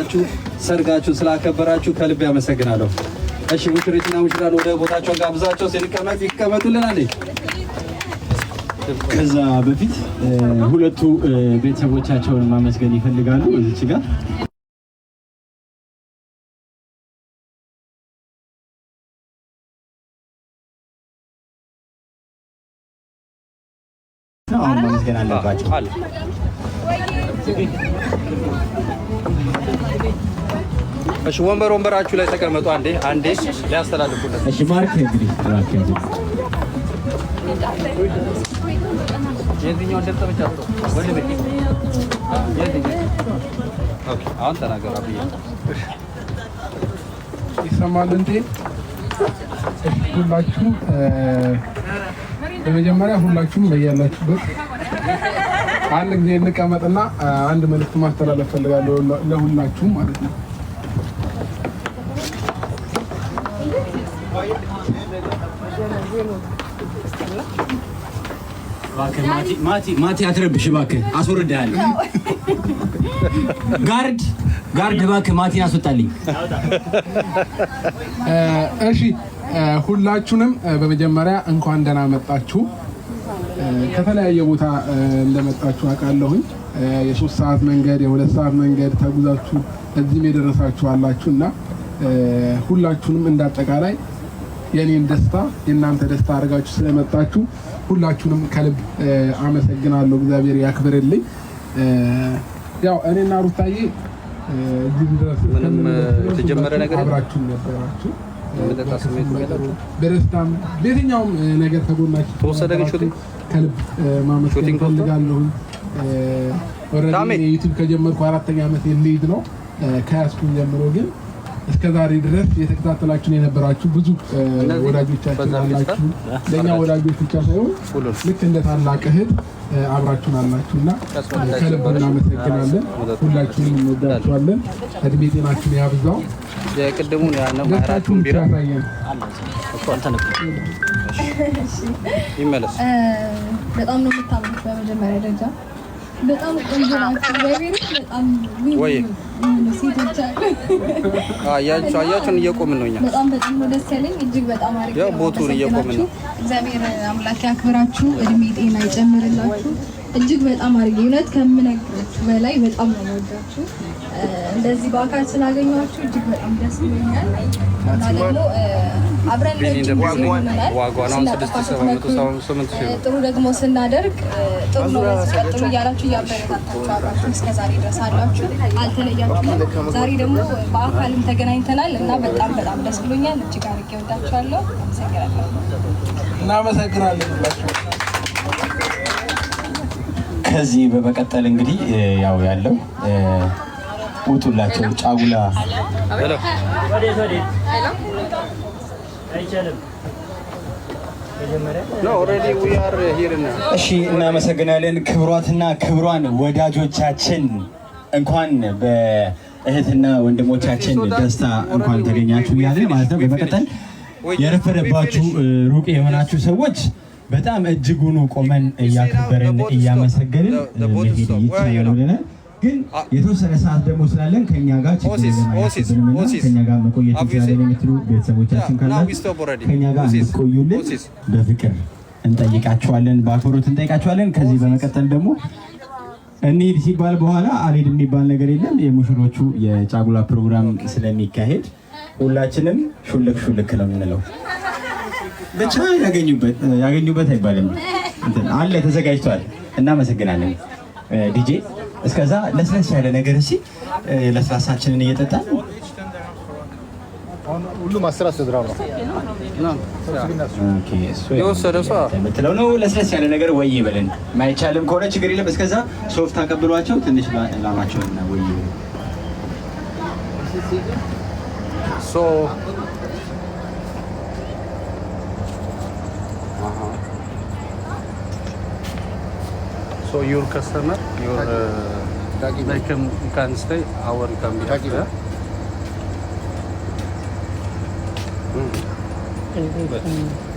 አክብራችሁ ሰርጋችሁን ስላከበራችሁ ከልብ ያመሰግናለሁ። እሺ ሙሽሪትና ሙሽራን ወደ ቦታቸው ጋብዛቸው ሲንቀመጥ ይቀመጡልናል። ከዛ በፊት ሁለቱ ቤተሰቦቻቸውን ማመስገን ይፈልጋሉ እዚች ጋር አሁን ማመስገን አለባቸው። እሺ ወንበር ወንበራችሁ ላይ ተቀመጡ። አንዴ አንዴ ሊያስተላልፉለት። እሺ ማርክ እንግዲህ ማርክ እንግዲህ አሁን ተናገር አብዬ ይሰማል እንዴ? እሺ ሁላችሁ በመጀመሪያ ሁላችሁም በያላችሁበት አንድ ጊዜ እንቀመጥና አንድ መልዕክት ማስተላለፍ ፈልጋለሁ ለሁላችሁም ማለት ነው። ማቲ አትረብሽ እባክህ፣ አስወርድሃለሁ። ጋርድ ጋርድ እባክህ ማቲ አስወጣልኝ። እሺ ሁላችሁንም በመጀመሪያ እንኳን ደህና መጣችሁ። ከተለያየ ቦታ እንደመጣችሁ አውቃለሁኝ። የሶስት ሰዓት መንገድ የሁለት ሰዓት መንገድ ተጉዛችሁ እዚህም የደረሳችሁ አላችሁ እና ሁላችሁንም እንዳጠቃላይ የእኔን ደስታ የእናንተ ደስታ አድርጋችሁ ስለመጣችሁ ሁላችሁንም ከልብ አመሰግናለሁ። እግዚአብሔር ያክብርልኝ። ያው እኔና ሩታዬ ምንም የተጀመረ ነገር አብራችሁ ነበራችሁ የመጠጣ ስሜት በደስታም በየትኛውም ነገር ከጎናችሁ ተወሰደ። ግን ሹቲንግ ከልብ ማመስገን ፈልጋለሁኝ። ዩቲዩብ ከጀመርኩ አራተኛ ዓመት ልሂድ ነው ከያዝኩኝ ጀምሮ ግን እስከ ዛሬ ድረስ የተከታተላችሁን የነበራችሁ ብዙ ወዳጆቻችን አላችሁ። ለእኛ ወዳጆች ብቻ ሳይሆን ልክ እንደ ታላቅ እህት አብራችሁን አላችሁና ከልብ እናመሰግናለን። ሁላችሁንም እንወዳችኋለን። እድሜ ጤናችሁን ያብዛው። የቅድሙን ያነራቱን ቢራ ይመለስ። በጣም ነው የምታምሩት። በመጀመሪያ ደረጃ በጣም ቆንጆ ናቸው። በጣም ወይ አያችሁ አያችሁን፣ እየቆምን ነው። እኛ በጣም በጣም ነው ደስ ያለኝ። እጅግ በጣም አሪፍ ያው ቦቱን እየቆምን ነው። እግዚአብሔር አምላክ ያክብራችሁ፣ እድሜ ጤና ይጨምርላችሁ። እጅግ በጣም አሪፍ እውነት ከምነግራችሁ በላይ በጣም ነው የምወዳችሁ። እንደዚህ በአካል ስላገኘኋችሁ እጅግ በጣም ደስ ይለኛል። ጥሩ ደግሞ ስናደርግ ጥሩ ነው። ቀጥሉ እያላችሁ እያበረታታችሁ አሏችሁ። ዛሬ ድረስ አሏችሁ፣ አልተለያችሁም። ዛሬ ደግሞ በአካልም ተገናኝተናል እና በጣም በጣም ደስ ብሎኛል። እጅግ አድርጌ ወዳችኋለሁ። እናመሰግናለን። ከዚህ በመቀጠል እንግዲህ ያው ያለው ውጡላቸው ጫጉላ እሺ እናመሰግናለን። ክብሯትና ክብሯን ወዳጆቻችን እንኳን በእህትና ወንድሞቻችን ደስታ እንኳን ተገኛችሁ እያለ ማለት ነው። በመቀጠል የረፈደባችሁ ሩቅ የሆናችሁ ሰዎች በጣም እጅጉኑ ቆመን እያከበርን እያመሰገንን መሄድ ይቻላል ብለናል። ግን የተወሰነ ሰዓት ደግሞ ስላለን ከኛ ጋር ከኛ ጋር መቆየት እንችላለን የምትሉ ቤተሰቦቻችን ካላችሁ ከኛ ጋር እንድትቆዩልን በፍቅር እንጠይቃቸዋለን፣ በአክብሮት እንጠይቃቸዋለን። ከዚህ በመቀጠል ደግሞ እንሂድ ሲባል በኋላ አልሄድ የሚባል ነገር የለም። የሙሽሮቹ የጫጉላ ፕሮግራም ስለሚካሄድ ሁላችንም ሹልክ ሹልክ ነው የምንለው። ብቻ ያገኙበት አይባልም አለ ተዘጋጅቷል። እናመሰግናለን ዲጄ እስከዛ ለስለስ ያለ ነገር እሺ፣ ለስላሳችንን እየጠጣን ሁሉም አስራ ነው የምትለው ነው። ለስለስ ያለ ነገር ወይ በለን፣ ማይቻልም ከሆነ ችግር የለም። እስከዛ ሶፍት አቀብሏቸው ትንሽ ላማቸው። ወይ So your customer, your uh, they can you can stay, our can be Dagi after. Mm. Very good. Mm.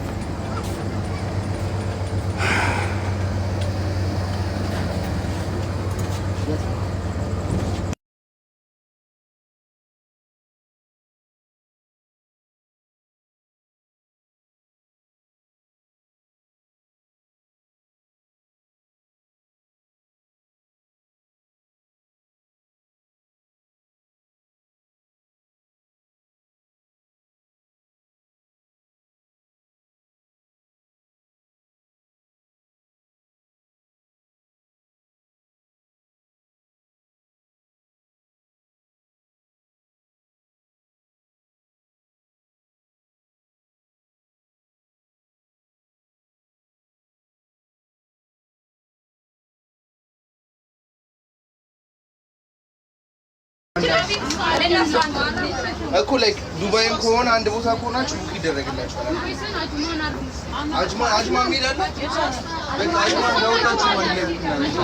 እኮ ላይክ ዱባይም ከሆነ አንድ ቦታ ከሆናችሁ ቡክ ይደረግላችኋል። አጅማ ሚላለ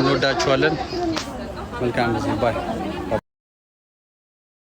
እንወዳችኋለን። መልካም ጊዜ ባይ